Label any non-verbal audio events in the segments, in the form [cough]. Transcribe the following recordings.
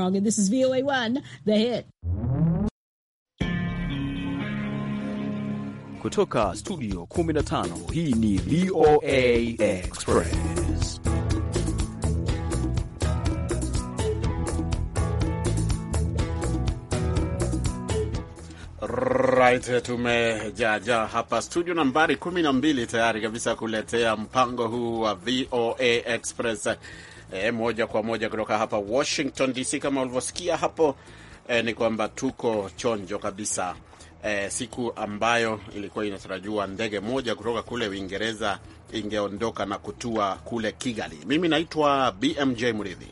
And this is VOA1, The Hit. Kutoka studio 15 hii ni VOA Express. Right, tumejaajaa hapa studio nambari 12 tayari kabisa kuletea mpango huu wa VOA Express E, moja kwa moja kutoka hapa Washington DC. Kama ulivyosikia hapo e, ni kwamba tuko chonjo kabisa e, siku ambayo ilikuwa inatarajiwa ndege moja kutoka kule Uingereza ingeondoka na kutua kule Kigali. Mimi naitwa BMJ Mridhi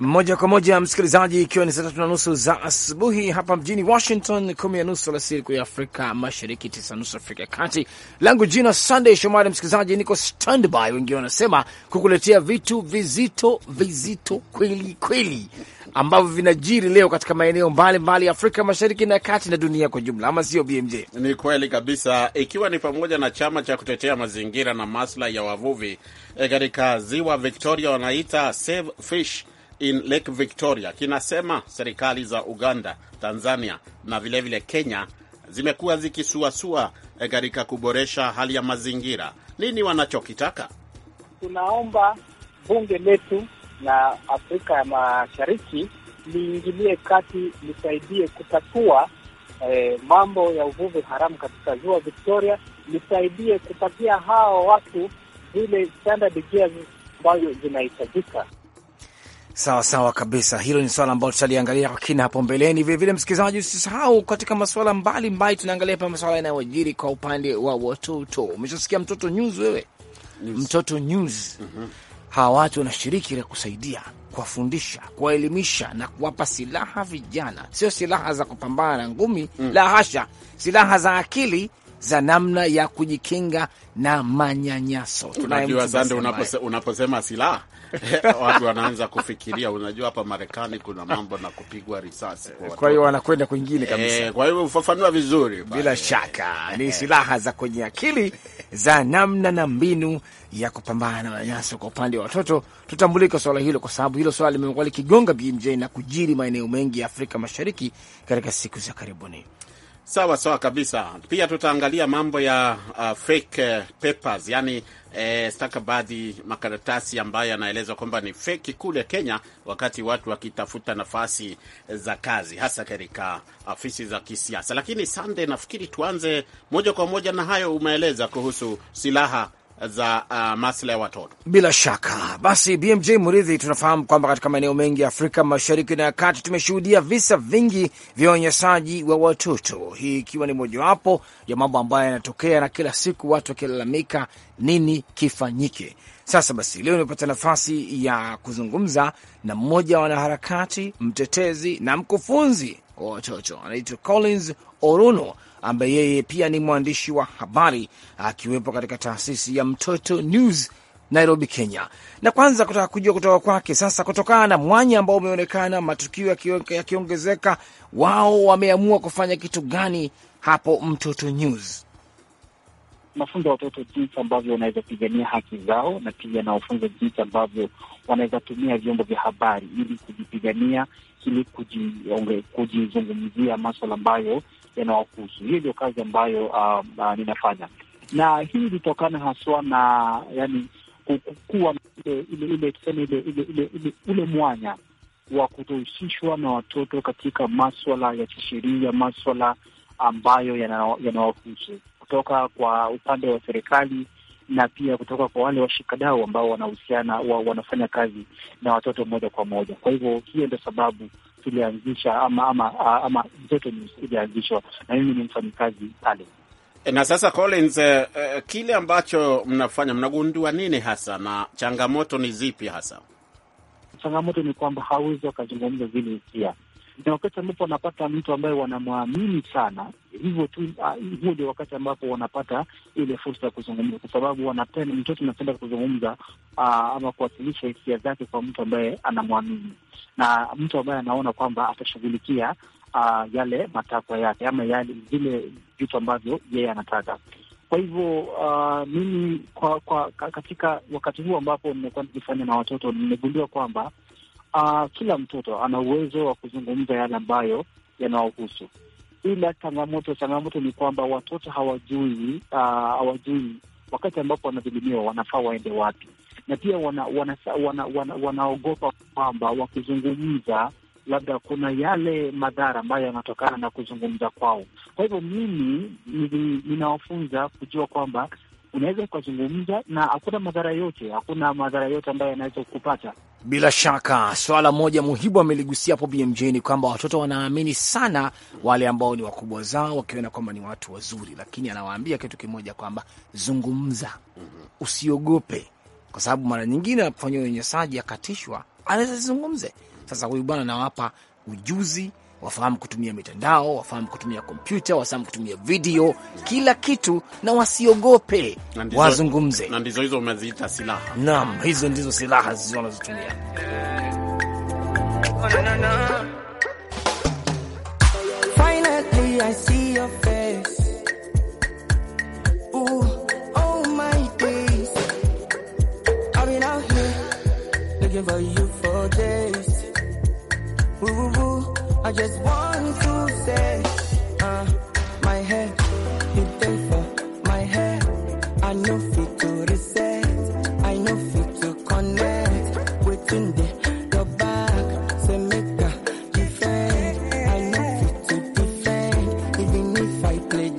moja kwa moja msikilizaji, ikiwa ni saa tatu na nusu za asubuhi hapa mjini Washington, kumi na nusu alasiri ya Afrika Mashariki, tisa nusu Afrika ya Kati. Langu jina Sunday Shomari. Msikilizaji, niko standby, wengine wanasema kukuletea vitu vizito vizito kweli kweli ambavyo vinajiri leo katika maeneo mbalimbali ya Afrika Mashariki na Kati na dunia kwa jumla, ama sio BMJ? Ni kweli kabisa, ikiwa ni pamoja na chama cha kutetea mazingira na maslahi ya wavuvi eh, katika e ziwa Victoria wanaita Save Fish in Lake Victoria kinasema serikali za Uganda, Tanzania na vilevile vile Kenya zimekuwa zikisuasua eh, katika kuboresha hali ya mazingira. Nini wanachokitaka? Tunaomba bunge letu na Afrika ya Mashariki liingilie kati, lisaidie kutatua eh, mambo ya uvuvi haramu katika ziwa Victoria, lisaidie kupatia hao watu zile standard gears ambazo zinahitajika. Sawa sawa kabisa, hilo ni swala ambalo tutaliangalia kwa kina hapo mbeleni. Vilevile msikilizaji, usisahau katika masuala mbalimbali tunaangalia pa masuala yanayoajiri kwa upande wa watoto. Umeshasikia mtoto news? Wewe mtoto news, mhm. hawa watu wanashiriki la kusaidia kuwafundisha, kuwaelimisha na kuwapa silaha vijana, sio silaha za kupambana na ngumi mm, la hasha, silaha za akili za namna ya kujikinga na manyanyaso. Tunajua sande, unaposema silaha [laughs] watu wanaanza kufikiria, unajua hapa Marekani kuna mambo na kupigwa risasi, kwa hiyo wanakwenda kwingine eh, kabisa. E, kwa hiyo ufafanua vizuri bila shaka ni eh. silaha za kwenye akili za namna na mbinu ya kupambana na manyanyaso kwa upande wa watoto. Tutambulika swala hilo, kwa sababu hilo swala limekuwa likigonga BMJ na kujiri maeneo mengi ya Afrika Mashariki katika siku za karibuni. Sawa sawa kabisa. Pia tutaangalia mambo ya uh, fake uh, papers, yani eh, stakabadhi, makaratasi ambayo yanaelezwa kwamba ni feki kule Kenya, wakati watu wakitafuta nafasi eh, za kazi, hasa katika afisi za kisiasa. Lakini Sande, nafikiri tuanze moja kwa moja na hayo umeeleza kuhusu silaha za uh, maslahi ya watoto. Bila shaka basi, BMJ Muridhi, tunafahamu kwamba katika maeneo mengi ya Afrika Mashariki na ya Kati tumeshuhudia visa vingi vya unyanyasaji wa watoto, hii ikiwa ni mojawapo ya mambo ambayo yanatokea na kila siku watu wakilalamika nini kifanyike. Sasa basi, leo nimepata nafasi ya kuzungumza na mmoja wa wanaharakati, mtetezi na mkufunzi wa watoto, anaitwa Collins Oruno ambaye yeye pia ni mwandishi wa habari akiwepo katika taasisi ya Mtoto News Nairobi, Kenya. Na kwanza kutaka kujua kutoka kwake sasa, kutokana na mwanya ambao umeonekana, matukio yakiongezeka, wao wameamua kufanya kitu gani hapo Mtoto News? Nafunza watoto jinsi ambavyo wanaweza pigania haki zao, na pia nawafunza jinsi ambavyo wanaweza tumia vyombo vya habari ili kujipigania, ili kujizungumzia maswala ambayo yanawakuhusu. Hiyo ndio kazi ambayo um, uh, ninafanya, na hii ilitokana haswa na yani kuwa ile tuseme ule mwanya wa kutohusishwa na watoto katika maswala ya kisheria, maswala ambayo yanawahusu yana kutoka kwa upande wa serikali na pia kutoka kwa wale washikadau ambao wanahusiana wa, wanafanya kazi na watoto moja kwa moja. Kwa hivyo hiyo ndio sababu tulianzisha ama ama, ama zote ilianzishwa na mimi ni mfanyikazi pale. E, na sasa Collins, uh, kile ambacho mnafanya mnagundua nini hasa na changamoto ni zipi hasa? Changamoto ni kwamba hawezi wakazungumza zile hisia na wakati ambapo wanapata mtu ambaye wanamwamini sana, hivyo tu, ah, huo ndio wakati ambapo wanapata ile fursa ya kuzungumza, kwa sababu wanapenda, mtoto anapenda kuzungumza ah, ama kuwasilisha hisia zake kwa mtu ambaye anamwamini na mtu ambaye anaona kwamba atashughulikia ah, yale matakwa yake ama yale vile vitu ambavyo yeye anataka. Kwa hivyo uh, mimi kwa, kwa katika wakati huu ambapo nimekuwa nikifanya na watoto nimegundua kwamba Uh, kila mtoto ana uwezo wa kuzungumza yale ambayo yanawahusu, ila changamoto changamoto ni kwamba watoto hawajui uh, hawajui wakati ambapo wanadhulumiwa wanafaa waende wapi, na pia wanaogopa wana, wana, wana, wana kwamba wakizungumza labda kuna yale madhara ambayo yanatokana na kuzungumza kwao. Kwa hivyo mimi ninawafunza kujua kwamba unaweza ukazungumza na hakuna madhara yote, hakuna madhara yote ambayo yanaweza kupata bila shaka swala moja muhimu ameligusia hapo BMJ ni kwamba watoto wanaamini sana wale ambao ni wakubwa zao, wakiona kwamba ni watu wazuri, lakini anawaambia kitu kimoja kwamba zungumza, mhm. usiogope, kwa sababu mara nyingine anapofanyia unyanyasaji akatishwa, anaweza zungumze. Sasa huyu bwana anawapa ujuzi wafahamu kutumia mitandao, wafahamu kutumia kompyuta, wafahamu kutumia video, kila kitu, na wasiogope, wazungumze. Na ndizo hizo umeziita silaha. Naam, hizo ndizo silaha wanazotumia. Ooh, oh I just want to say, uh, my head, you pay for my head. I know fit to reset, I know fit to connect. Within the, your back, say make a defend. I know fit to defend, even if I play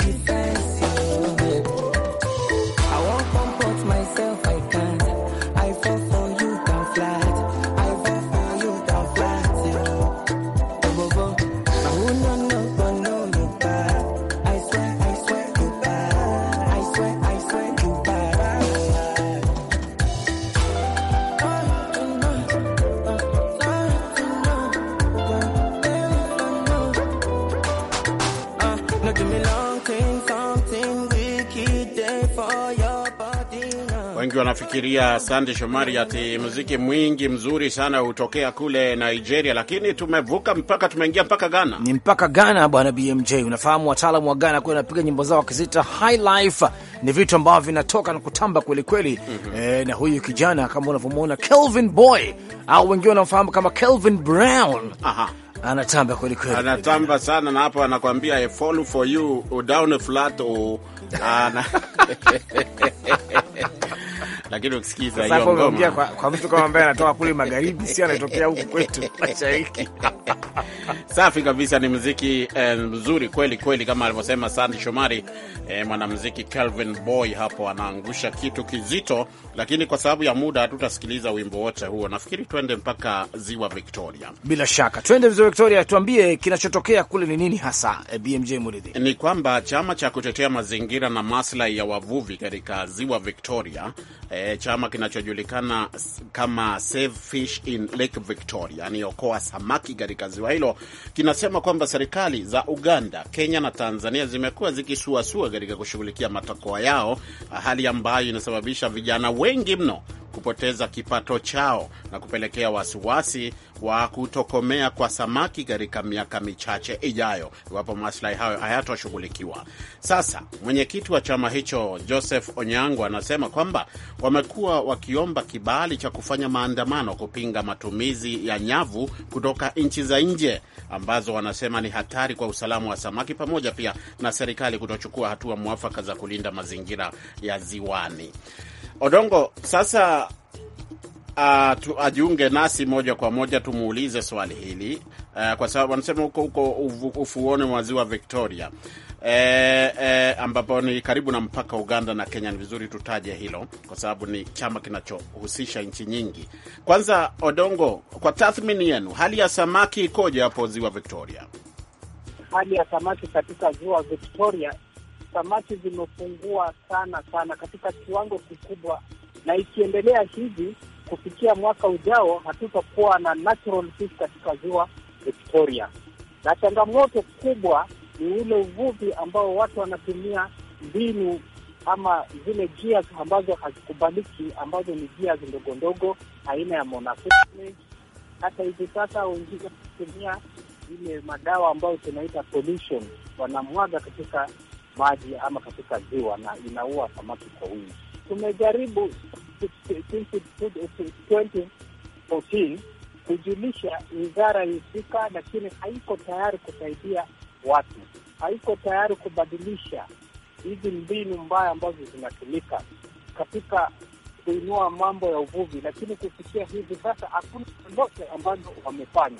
nafikiria Sande Shomari, ati muziki mwingi mzuri sana hutokea kule Nigeria, lakini tumevuka mpaka, tumeingia mpaka Ghana. Ni mpaka Ghana bwana BMJ. Unafahamu wataalamu wa Ghana kuwa wanapiga nyimbo zao wakizita high life, ni vitu ambavyo vinatoka na kutamba kwelikweli kweli. mm -hmm. E, na huyu kijana kama unavyomwona Kelvin Boy au wengine wanamfahamu kama Kelvin Brown. Aha. Anatamba kweli kweli, anatamba sana na hapo anakwambia I fall for you down flat. Oh. [laughs] [laughs] lakini ukisikiza hiyo ngoma kwa, kwa mtu kama ambaye anatoka kule magharibi, sio anatokea huku kwetu [laughs] mashariki [laughs] Safi kabisa, ni mziki eh, mzuri kweli kweli, kama alivyosema Sandi Shomari eh, mwanamziki Calvin Boy hapo anaangusha kitu kizito, lakini kwa sababu ya muda hatutasikiliza wimbo wote huo. Nafikiri twende mpaka ziwa Victoria. Bila shaka twende ziwa Victoria, tuambie kinachotokea kule ni nini hasa. Eh, BMJ Muridhi, ni kwamba chama cha kutetea mazingira na maslahi ya wavuvi katika ziwa Victoria eh, chama kinachojulikana kama Save Fish in Lake Victoria, yani okoa samaki katika ziwa hilo kinasema kwamba serikali za Uganda, Kenya na Tanzania zimekuwa zikisuasua katika kushughulikia matakwa yao, hali ambayo inasababisha vijana wengi mno kupoteza kipato chao na kupelekea wasiwasi wa kutokomea kwa samaki katika miaka michache ijayo iwapo maslahi hayo hayatoshughulikiwa. Sasa mwenyekiti wa chama hicho Joseph Onyango anasema kwamba wamekuwa wakiomba kibali cha kufanya maandamano kupinga matumizi ya nyavu kutoka nchi za nje ambazo wanasema ni hatari kwa usalama wa samaki, pamoja pia na serikali kutochukua hatua mwafaka za kulinda mazingira ya ziwani. Odongo, sasa uh, tu, ajiunge nasi moja kwa moja tumuulize swali hili uh, kwa sababu wanasema huko huko ufuoni mwa ziwa Victoria E, e, ambapo ni karibu na mpaka Uganda na Kenya. Ni vizuri tutaje hilo kwa sababu ni chama kinachohusisha nchi nyingi. Kwanza Odongo, kwa tathmini yenu, hali ya samaki ikoje hapo ziwa Victoria? Hali ya samaki katika ziwa Victoria samaki zimepungua sana sana katika kiwango kikubwa, na ikiendelea hivi kufikia mwaka ujao hatutakuwa na natural fish katika ziwa Victoria. Na changamoto kubwa ni ule uvuvi ambao watu wanatumia mbinu ama zile gears ambazo hazikubaliki ambazo ni gears ndogo ndogo aina ya monofilament. Hata hivi sasa wengine wanatumia ile madawa ambayo tunaita pollution, wanamwaga katika maji ama katika ziwa na inaua samaki kwa wingi. Tumejaribu kujulisha wizara husika, lakini haiko tayari kusaidia watu, haiko tayari kubadilisha hizi mbinu mbaya ambazo zinatumika katika kuinua mambo ya uvuvi, lakini kufikia hivi sasa hakuna lolote ambalo wamefanya.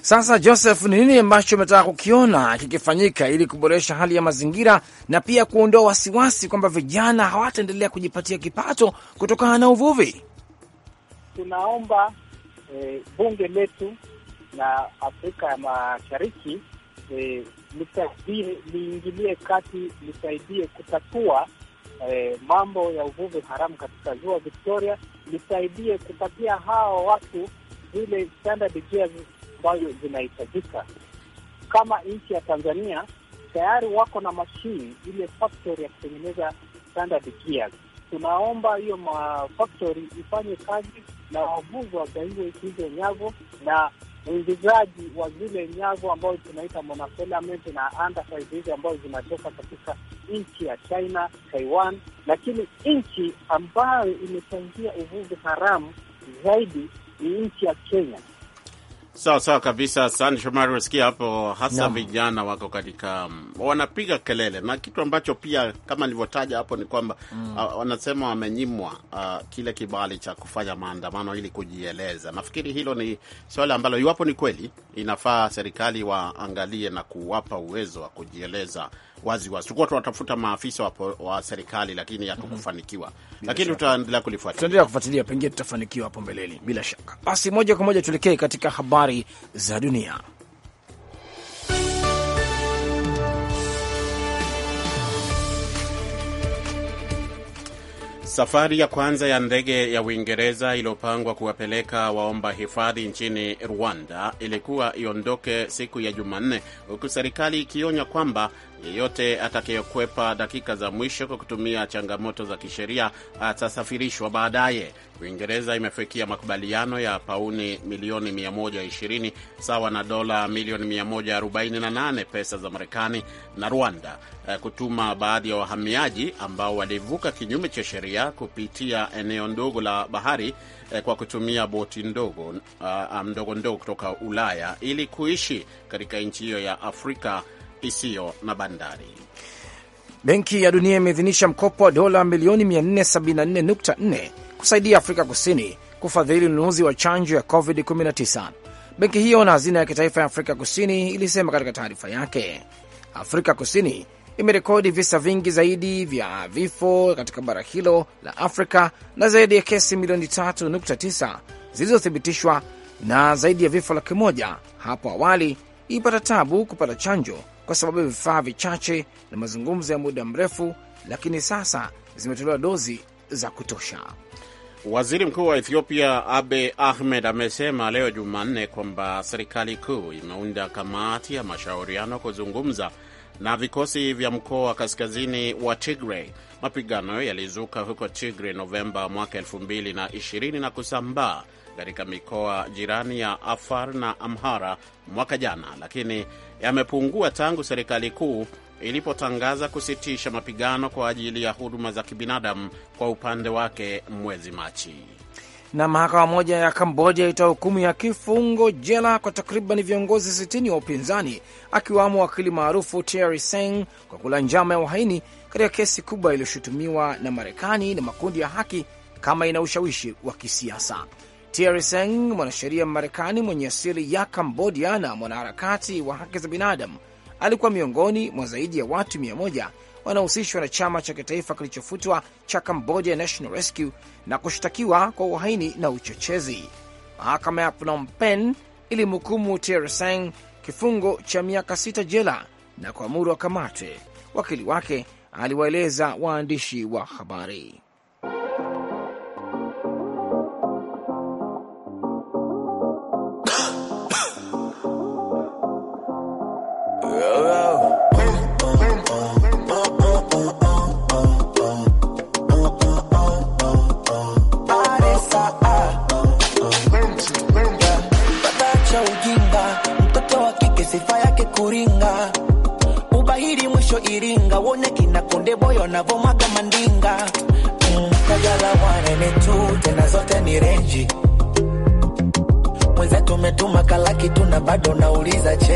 Sasa Joseph, ni nini ambacho umetaka kukiona kikifanyika ili kuboresha hali ya mazingira na pia kuondoa wasiwasi kwamba vijana hawataendelea kujipatia kipato kutokana na uvuvi? Tunaomba e, bunge letu na Afrika ya Mashariki e, liingilie kati, lisaidie kutatua eh, mambo ya uvuvi haramu katika ziwa Victoria lisaidie kupatia hawa watu zile standard gears ambazo zinahitajika. Kama nchi ya Tanzania tayari wako na mashini ile factory ya kutengeneza standard gears, tunaomba hiyo factory ifanye kazi na wavuvi wagaiwe hizo nyavu na uingizaji wa zile nyavu ambazo tunaita monofilament na andesite hizi ambazo zinatoka katika nchi ya China, Taiwan, lakini nchi ambayo imechangia uvuvi haramu zaidi ni nchi ya Kenya. Sawa sawa kabisa, asante Shomari. Usikia hapo hasa no. Vijana wako katika wanapiga kelele na kitu ambacho pia kama nilivyotaja hapo ni kwamba mm. uh, wanasema wamenyimwa uh, kile kibali cha kufanya maandamano ili kujieleza. Nafikiri hilo ni swala ambalo iwapo ni kweli, inafaa serikali waangalie na kuwapa uwezo wa kujieleza waziwazi. Tulikuwa tunatafuta maafisa wa, wa serikali lakini hatukufanikiwa. mm -hmm. Lakini tutaendelea kulifuatilia, tutaendelea kufuatilia, pengine tutafanikiwa hapo mbeleni bila shaka. Basi moja kwa moja tuelekee katika habari za dunia. Safari ya kwanza ya ndege ya Uingereza iliyopangwa kuwapeleka waomba hifadhi nchini Rwanda ilikuwa iondoke siku ya Jumanne, huku serikali ikionya kwamba Yeyote atakayekwepa dakika za mwisho kwa kutumia changamoto za kisheria atasafirishwa baadaye. Uingereza imefikia makubaliano ya pauni milioni 120 sawa na dola milioni 148 pesa za Marekani na Rwanda eh, kutuma baadhi ya wahamiaji ambao walivuka kinyume cha sheria kupitia eneo ndogo la bahari eh, kwa kutumia boti ndogo ah, ah, ndogo ndogo kutoka Ulaya ili kuishi katika nchi hiyo ya Afrika isiyo na bandari. Benki ya Dunia imeidhinisha mkopo wa dola milioni 474.4 kusaidia Afrika Kusini kufadhili ununuzi wa chanjo ya COVID-19. Benki hiyo na hazina ya kitaifa ya Afrika Kusini ilisema katika taarifa yake. Afrika Kusini imerekodi visa vingi zaidi vya vifo katika bara hilo la Afrika na zaidi ya kesi milioni 3.9 zilizothibitishwa na zaidi ya vifo laki moja hapo awali ipata tabu kupata chanjo kwa sababu ya vifaa vichache na mazungumzo ya muda mrefu, lakini sasa zimetolewa dozi za kutosha. Waziri Mkuu wa Ethiopia Abe Ahmed amesema leo Jumanne kwamba serikali kuu imeunda kamati ya mashauriano kuzungumza na vikosi vya mkoa wa kaskazini wa Tigray. Mapigano yalizuka huko Tigray Novemba mwaka 2020 na kusambaa katika mikoa jirani ya Afar na Amhara mwaka jana, lakini yamepungua tangu serikali kuu ilipotangaza kusitisha mapigano kwa ajili ya huduma za kibinadamu kwa upande wake mwezi Machi. Na mahakama moja ya Kambodia ilitoa hukumu ya kifungo jela kwa takriban viongozi 60 wa upinzani akiwamo wakili maarufu Terry Seng kwa kula njama ya uhaini katika kesi kubwa iliyoshutumiwa na Marekani na makundi ya haki kama ina ushawishi wa kisiasa. Thierry Seng, mwanasheria marekani mwenye asili ya Kambodia na mwanaharakati wa haki za binadamu, alikuwa miongoni mwa zaidi ya watu mia moja wanaohusishwa na chama cha kitaifa kilichofutwa cha Cambodia National Rescue na kushtakiwa kwa uhaini na uchochezi. Mahakama ya Phnom Penh ilimhukumu Thierry Seng kifungo cha miaka sita jela na kuamuru akamatwe. Wakili wake aliwaeleza waandishi wa habari.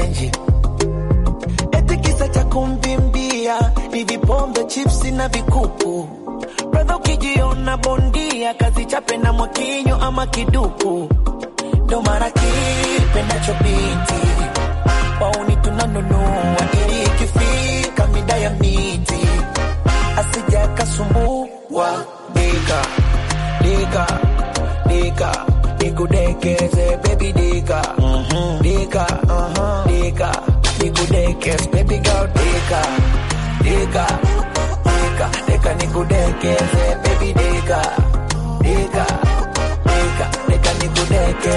change. Eti kisa cha kumvimbia ni vipombe, chipsi na vikuku. Brother, ukijiona bondia kazi chape na mwakinyo ama kiduku, ndo mara kipendacho binti wauni tunanunua ili ikifika mida ya miti asija kasumbua dika dika dika nikudekeze baby dika uh-huh. dika uh-huh. dika nikudekeze baby girl dika dika dika dika nikudekeze baby dika dika dika dika nikudekeze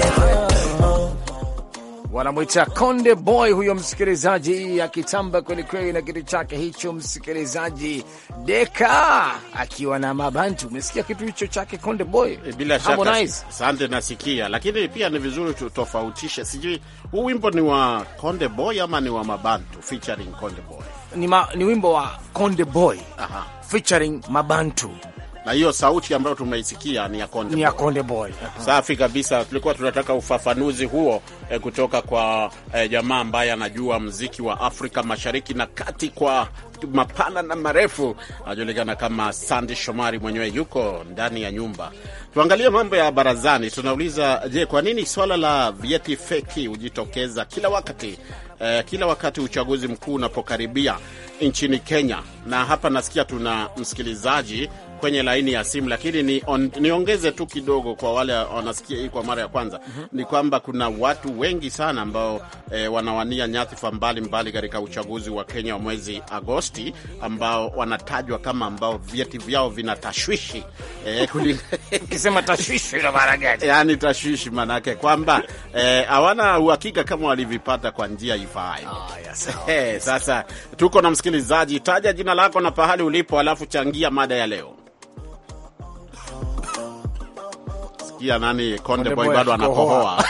wanamwita Konde Boy huyo msikilizaji, akitamba kwelikweli na kitu chake hicho. Msikilizaji Deka akiwa na Mabantu, umesikia kitu hicho chake Konde Boy? Eh, bila shaka, asante, nasikia. Lakini pia ni vizuri tutofautishe, sijui huu wimbo ni wa Konde Boy ama ni wa Mabantu featuring Konde Boy? Ni, ma, ni wimbo wa Konde Boy featuring Mabantu na hiyo sauti ambayo tunaisikia ni ya Konde ni ya Konde Boy. Safi kabisa, tulikuwa tunataka ufafanuzi huo eh, kutoka kwa eh, jamaa ambaye anajua mziki wa Afrika Mashariki na Kati kwa mapana na marefu, anajulikana kama Sandi Shomari, mwenyewe yuko ndani ya nyumba. Tuangalie mambo ya barazani, tunauliza je, kwa nini swala la vyeti feki hujitokeza kila wakati eh, kila wakati uchaguzi mkuu unapokaribia nchini Kenya? Na hapa nasikia tuna msikilizaji kwenye laini ya simu, lakini ni on, niongeze tu kidogo kwa wale wanasikia hii kwa mara ya kwanza mm -hmm. ni kwamba kuna watu wengi sana ambao e, wanawania nyadhifa mbalimbali katika uchaguzi wa Kenya wa mwezi Agosti ambao wanatajwa kama ambao vyeti vyao vina tashwishi e, eh, [laughs] Kisema tashwishi na mara gani? Yani tashwishi manake kwamba eh, hawana uhakika kama walivipata kwa njia ifaayo. Oh, yes, oh, yes. [laughs] Sasa tuko na msikilizaji, taja jina lako na pahali ulipo, alafu changia mada ya leo. Sikia nani Konde Boy bado anakohoa.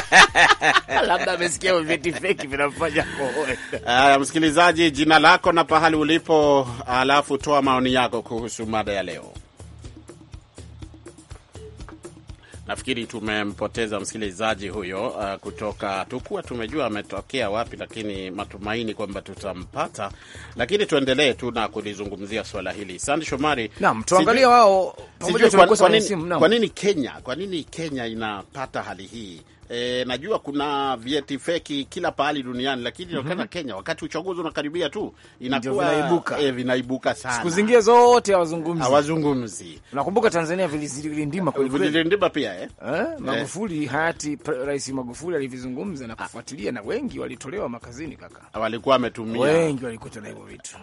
[laughs] Labda amesikia vyeti feki vinamfanya kohoe. Uh, eh, msikilizaji, jina lako na pahali ulipo, alafu toa maoni yako kuhusu mada ya leo. Nafikiri tumempoteza msikilizaji huyo uh, kutoka tukuwa tumejua ametokea wapi, lakini matumaini kwamba tutampata, lakini tuendelee tu na kulizungumzia swala hili. Sandi Shomari, naam, tuangalie wao Kwa nini Kenya, kwa nini Kenya inapata hali hii E, najua kuna vyeti feki kila pahali duniani, lakini mm -hmm. Inaonekana Kenya wakati uchaguzi unakaribia tu inakuwa vinaibuka, e, vinaibuka sana. Siku zingine zote hawazungumzi, hawazungumzi. Nakumbuka Tanzania vilizilindima kwa hivyo. vilizilindima pia eh, eh? eh. Magufuli eh. Hayati Rais Magufuli alivizungumza na kufuatilia, na wengi walitolewa makazini, kaka, walikuwa wametumia, wengi walikuta na hivyo vitu.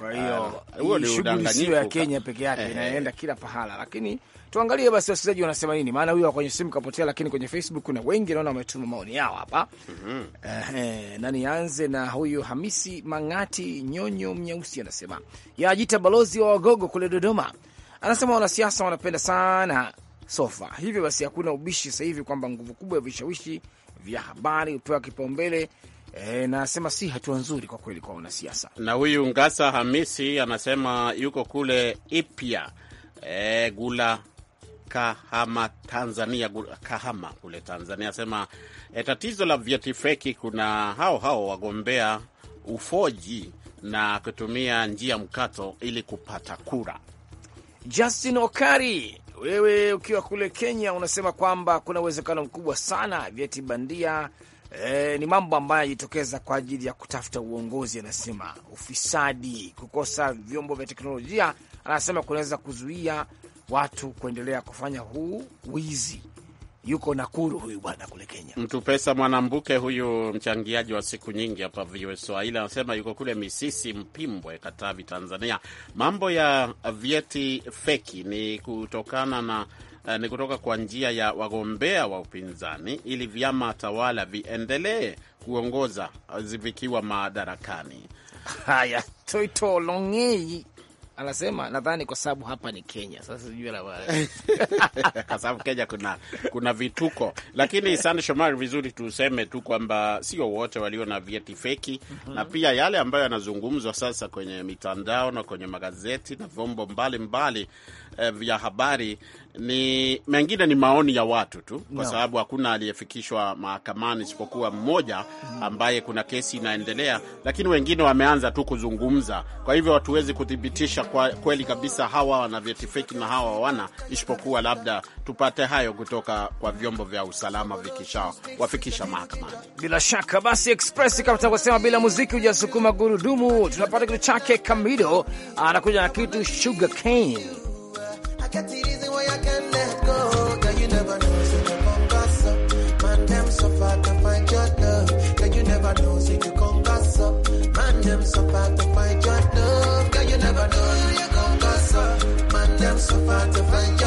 Kwa hiyo ah, huo ni udanganyifu ya Kenya peke yake, inaenda kila pahala, lakini Tuangalie basi wasikilizaji wanasema nini, maana huyo kwenye simu kapotea, lakini kwenye Facebook kuna wengi naona wametuma maoni yao hapa mm -hmm. Eh, na nianze na huyu Hamisi Mang'ati Nyonyo Mnyeusi anasema yajita balozi wa Wagogo kule Dodoma, anasema wanasiasa wanapenda sana sofa, hivyo basi hakuna ubishi sasa hivi kwamba nguvu kubwa ya vishawishi vya habari hupewa kipaumbele. E, nasema si hatua nzuri kwa kweli kwa wanasiasa. Na huyu Ngasa Hamisi anasema yuko kule Ipya e, Gula Kahama, Tanzania, Kahama kule Tanzania asema e, tatizo la vyeti feki, kuna hao hao wagombea ufoji na kutumia njia mkato ili kupata kura. Justin Okari, wewe ukiwa kule Kenya, unasema kwamba kuna uwezekano mkubwa sana vyeti bandia E, ni mambo ambayo yajitokeza kwa ajili ya kutafuta uongozi. Anasema ufisadi, kukosa vyombo vya teknolojia, anasema kunaweza kuzuia watu kuendelea kufanya huu wizi. Yuko Nakuru huyu bwana kule Kenya, mtu pesa Mwanambuke huyu mchangiaji wa siku nyingi hapa VOA Swahili anasema yuko kule Misisi, Mpimbwe, Katavi, Tanzania. Mambo ya vyeti feki ni kutokana na eh, ni kutoka kwa njia ya wagombea wa upinzani ili vyama tawala viendelee kuongoza vikiwa madarakani. Haya, Toito Longei anasema nadhani kwa sababu hapa ni Kenya. Sasa sijui la [laughs] kwa sababu Kenya kuna, kuna vituko, lakini Sande Shomari, vizuri tuseme tu kwamba sio wote walio na vyeti feki mm -hmm. na pia yale ambayo yanazungumzwa sasa kwenye mitandao na kwenye magazeti na vyombo mbalimbali eh, vya habari ni mengine ni maoni ya watu tu, kwa no. sababu hakuna aliyefikishwa mahakamani isipokuwa mmoja mm-hmm. ambaye kuna kesi inaendelea, lakini wengine wameanza tu kuzungumza. Kwa hivyo hatuwezi kuthibitisha kwa kweli kabisa hawa wana vyeti feki na hawa hawana, isipokuwa labda tupate hayo kutoka kwa vyombo vya usalama vikisha wafikisha mahakamani. Bila shaka basi, Express kama tunavyosema, bila muziki hujasukuma gurudumu. Tunapata kitu chake Kamido anakuja na kitu sugar cane I get it easy when I can let go. Girl, you never know, you come pass up. Man, them so to find your love. Girl, you never know, you come pass up. Man, them so so far to find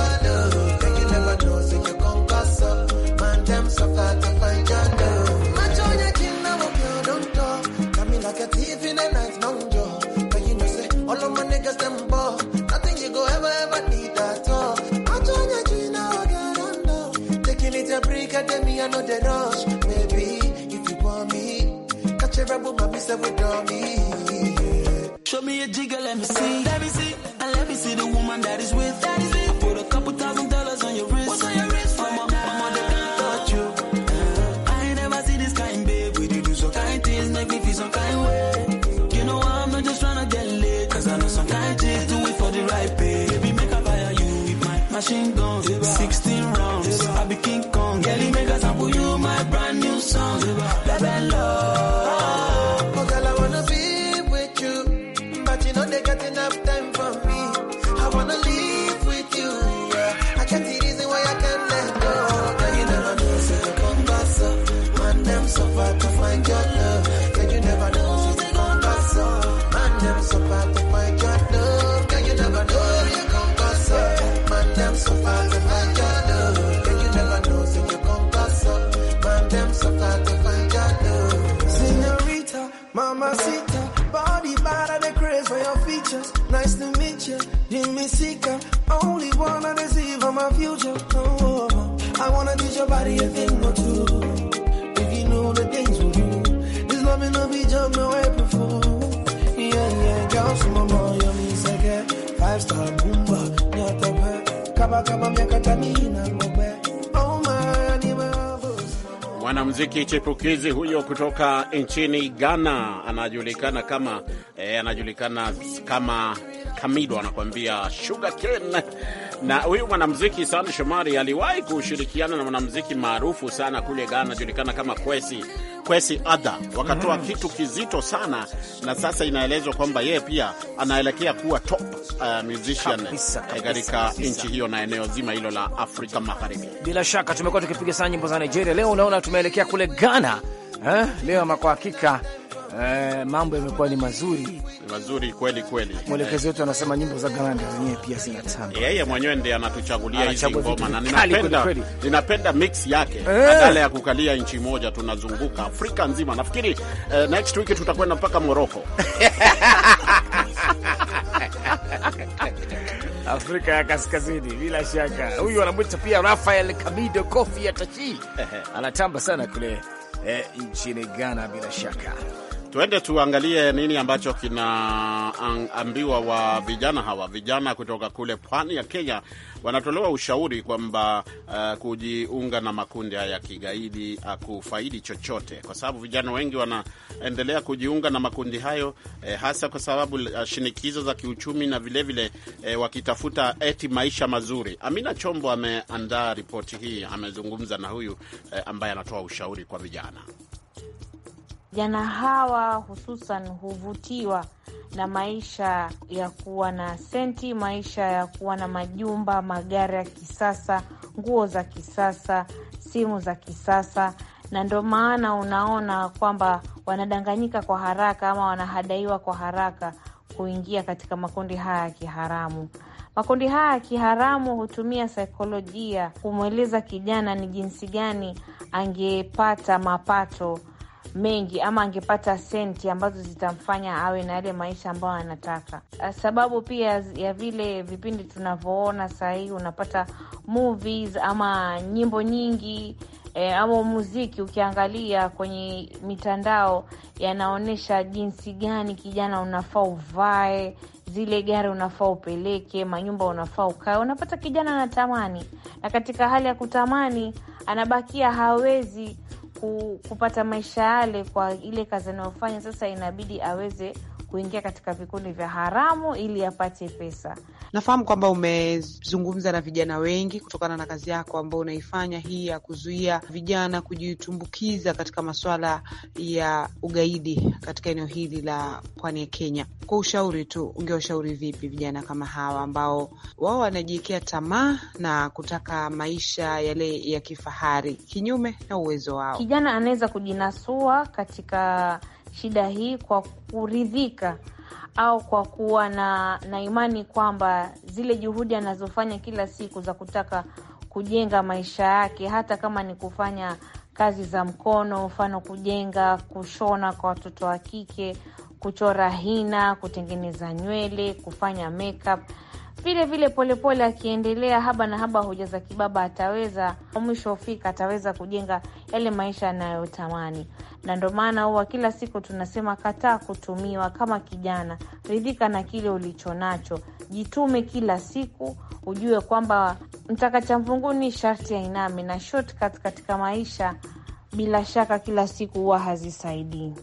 me a jigger, let me see. Let me see. And let me see the woman that is with. That is it. put a couple thousand dollars on your wrist. What's on your wrist? Right mama, now? mama, they can't touch you. Uh, I ain't never see this kind, babe. We do do some kind things, make me feel some kind way. You know I'm not just trying to get laid. Cause I know some kind things do it for the right pay. Baby, make a fire you with my machine gun. your body a thing or two. If you know the things we do, this be jumping away before. Yeah, yeah, my you mean second. Five star boomba, Kaba kaba miaka tamina oh, Mwanamuziki chipukizi huyo kutoka nchini Ghana anajulikana kama eh, anajulikana kama Kamido anakuambia ken na huyu mwanamuziki Sani Shomari aliwahi kushirikiana na mwanamuziki maarufu sana kule Ghana, julikana kama Kwesi Kwesi Ada, wakatoa mm -hmm. kitu kizito sana, na sasa inaelezwa kwamba yeye pia anaelekea kuwa top uh, musician eh, katika nchi hiyo na eneo zima hilo la Afrika Magharibi. Bila shaka tumekuwa tukipiga sana nyimbo za Nigeria, leo unaona tumeelekea kule Ghana eh? Leo ama kwa hakika eh, mambo yamekuwa ni mazuri, ni mazuri kweli kweli. Mwelekezi eh. wetu anasema nyimbo za Galanda zenyewe pia zinatamba. Yeye yeah, mwenyewe ndiye anatuchagulia hizi ngoma, na ninapenda ninapenda mix yake eh. badala ya kukalia nchi moja, tunazunguka Afrika nzima. Nafikiri uh, next week tutakwenda mpaka Morocco [laughs] Afrika ya kaskazini bila shaka. Huyu anamwita pia Rafael Kamido Kofi Atachi, anatamba sana kule eh, nchini Ghana bila shaka. Tuende tuangalie nini ambacho kinaambiwa wa vijana hawa. Vijana kutoka kule pwani ya Kenya wanatolewa ushauri kwamba uh, kujiunga na makundi haya ya kigaidi akufaidi eh, chochote, kwa sababu vijana wengi wanaendelea kujiunga na makundi hayo eh, hasa kwa sababu uh, shinikizo za kiuchumi na vilevile vile, eh, wakitafuta eti maisha mazuri. Amina Chombo ameandaa ripoti hii, amezungumza na huyu eh, ambaye anatoa ushauri kwa vijana. Vijana hawa hususan huvutiwa na maisha ya kuwa na senti, maisha ya kuwa na majumba, magari ya kisasa, nguo za kisasa, simu za kisasa, na ndo maana unaona kwamba wanadanganyika kwa haraka ama wanahadaiwa kwa haraka kuingia katika makundi haya ya kiharamu. Makundi haya ya kiharamu hutumia saikolojia kumweleza kijana ni jinsi gani angepata mapato mengi ama angepata senti ambazo zitamfanya awe na yale maisha ambayo anataka, ah, sababu pia ya vile vipindi tunavyoona sahihi unapata movies ama nyimbo nyingi E, ama muziki ukiangalia kwenye mitandao yanaonyesha jinsi gani kijana unafaa uvae, zile gari unafaa upeleke, manyumba unafaa ukae. Unapata kijana anatamani, na katika hali ya kutamani anabakia hawezi kupata maisha yale kwa ile kazi anayofanya. Sasa inabidi aweze kuingia katika vikundi vya haramu ili apate pesa. Nafahamu kwamba umezungumza na vijana wengi kutokana na kazi yako ambayo unaifanya hii ya kuzuia vijana kujitumbukiza katika masuala ya ugaidi katika eneo hili la pwani ya Kenya. Kwa ushauri tu, ungewashauri vipi vijana kama hawa ambao wao wanajiwekea tamaa na kutaka maisha yale ya kifahari kinyume na uwezo wao? Kijana anaweza kujinasua katika shida hii kwa kuridhika au kwa kuwa na, na imani kwamba zile juhudi anazofanya kila siku za kutaka kujenga maisha yake, hata kama ni kufanya kazi za mkono, mfano kujenga, kushona kwa watoto wa kike, kuchora hina, kutengeneza nywele, kufanya makeup vile vile polepole akiendelea haba na haba, hoja za kibaba, ataweza mwisho ufika, ataweza kujenga yale maisha anayotamani. Na ndo maana huwa kila siku tunasema kataa kutumiwa. Kama kijana, ridhika na kile ulicho nacho jitume kila siku, ujue kwamba cha mvunguni sharti ainame, na shortcut katika maisha bila shaka kila siku huwa hazisaidii.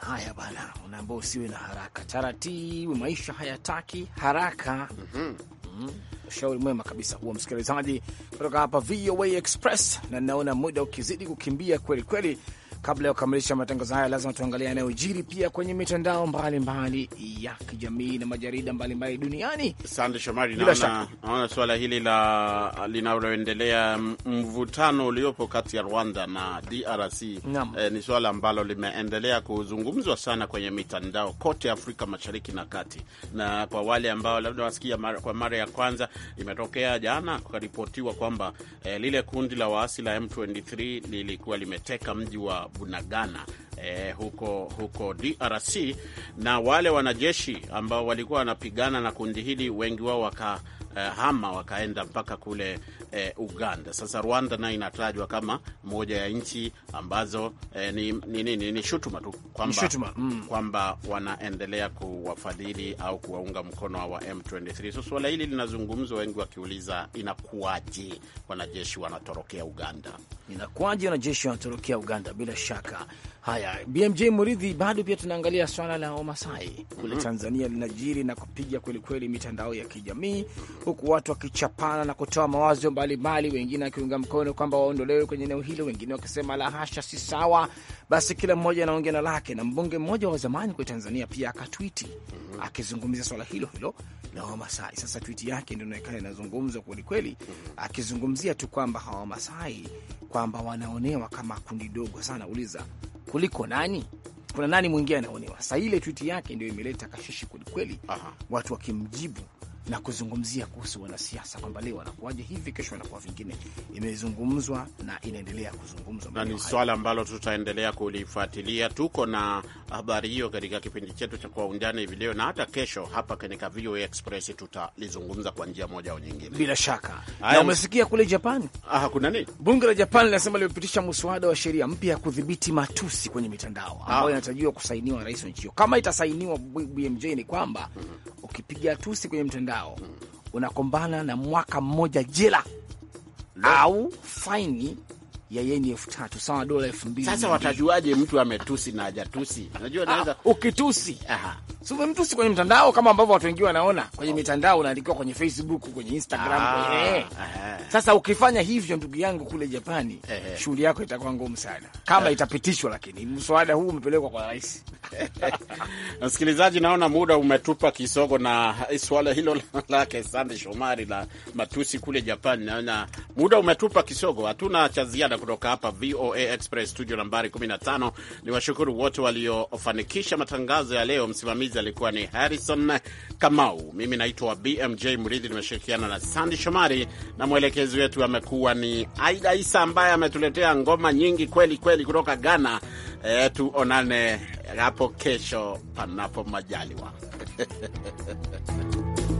Haya bana, unaambia usiwe na haraka, taratibu, maisha hayataki haraka. mm -hmm. Mm. Ushauri mwema kabisa huo, msikilizaji, kutoka hapa VOA Express. Na naona muda ukizidi kukimbia kweli kweli Kabla ya kukamilisha matangazo haya, lazima tuangalia yanayojiri pia kwenye mitandao mbalimbali mbali ya kijamii na majarida mbalimbali mbali duniani. Sande Shomari, naona suala hili la linaloendelea mvutano uliopo kati ya Rwanda na DRC eh, ni suala ambalo limeendelea kuzungumzwa sana kwenye mitandao kote Afrika Mashariki na Kati, na kwa wale ambao labda wasikia kwa mara ya kwanza, imetokea jana kukaripotiwa kwamba eh, lile kundi la waasi la M23 lilikuwa limeteka mji wa Bunagana eh, huko, huko DRC na wale wanajeshi ambao walikuwa wanapigana na kundi hili wengi wao waka eh, hama wakaenda mpaka kule eh, Uganda. Sasa Rwanda nayo inatajwa kama moja ya nchi ambazo eh, ni, ni, ni, ni, ni shutuma tu kwamba mm, kwamba wanaendelea kuwafadhili au kuwaunga mkono wa M23. So suala hili linazungumzwa, wengi wakiuliza inakuwaje wanajeshi wanatorokea Uganda, inakuwaje wanajeshi wanatorokea Uganda? Bila shaka haya, BMJ Muridhi, bado pia tunaangalia swala la Wamasai kule mm -hmm. Tanzania linajiri na kupiga kwelikweli mitandao ya kijamii huku watu wakichapana na kutoa mawazo mbalimbali, wengine wakiunga mkono kwamba waondolewe kwenye eneo hilo, wengine wakisema la hasha, si sawa. Basi kila mmoja anaongea na lake, na mbunge mmoja wa zamani kwa Tanzania pia akatwiti mm -hmm. akizungumzia swala hilo hilo la Wamasai. Sasa twiti yake ndio inaonekana inazungumzwa kwelikweli, mhm. akizungumzia tu kwamba Hawamasai kwamba wanaonewa kama kundi dogo sana. Uliza kuliko nani? Kuna nani mwingine anaonewa? Sasa ile twiti yake ndio imeleta kashishi kwelikweli, watu wakimjibu na kuzungumzia kuhusu wanasiasa kwamba leo wanakuwaje hivi, kesho wanakuwa vingine. Imezungumzwa na inaendelea kuzungumzwa, na ni swala ambalo tutaendelea kulifuatilia. Tuko na habari hiyo katika kipindi chetu cha Kwa Undani hivi leo na hata kesho hapa katika VOA Express tutalizungumza kwa njia moja au nyingine, bila shaka. Ayam. Na umesikia kule Japan, aha, kuna nini? Bunge la Japan linasema limepitisha muswada wa sheria mpya ya kudhibiti matusi kwenye mitandao ah. ambayo inatarajiwa kusainiwa na rais wa nchi hiyo. Kama itasainiwa, BMJ, ni kwamba mhm. ukipiga tusi kwenye mtandao mtandao unakombana na mwaka mmoja jela au faini ya yeni elfu tatu sawa dola elfu mbili. Sasa watajuaje mtu ametusi na hajatusi? Unajua ah, naweza ukitusi, aha, si umemtusi kwenye mtandao, kama ambavyo watu wengi wanaona kwenye mitandao, unaandikiwa kwenye Facebook, kwenye Instagram, ah. kwenye eh. Eh. sasa. Ukifanya hivyo, ndugu yangu, kule Japani eh, shughuli yako itakuwa ngumu sana, kama eh, itapitishwa, lakini mswada huu umepelekwa kwa rais. [laughs] Msikilizaji, naona muda umetupa kisogo na swala hilo [laughs] lake Sande Shomari la matusi kule Japani, naona muda umetupa kisogo, hatuna cha ziada kutoka hapa VOA Express studio nambari 15. Ni washukuru wote waliofanikisha matangazo ya leo. Msimamizi alikuwa ni Harrison Kamau, mimi naitwa BMJ Mridhi, nimeshirikiana na Sandi Shomari na mwelekezi wetu amekuwa ni Aida Isa ambaye ametuletea ngoma nyingi kweli kweli kutoka Ghana. E, tuonane hapo kesho panapo majaliwa. [laughs]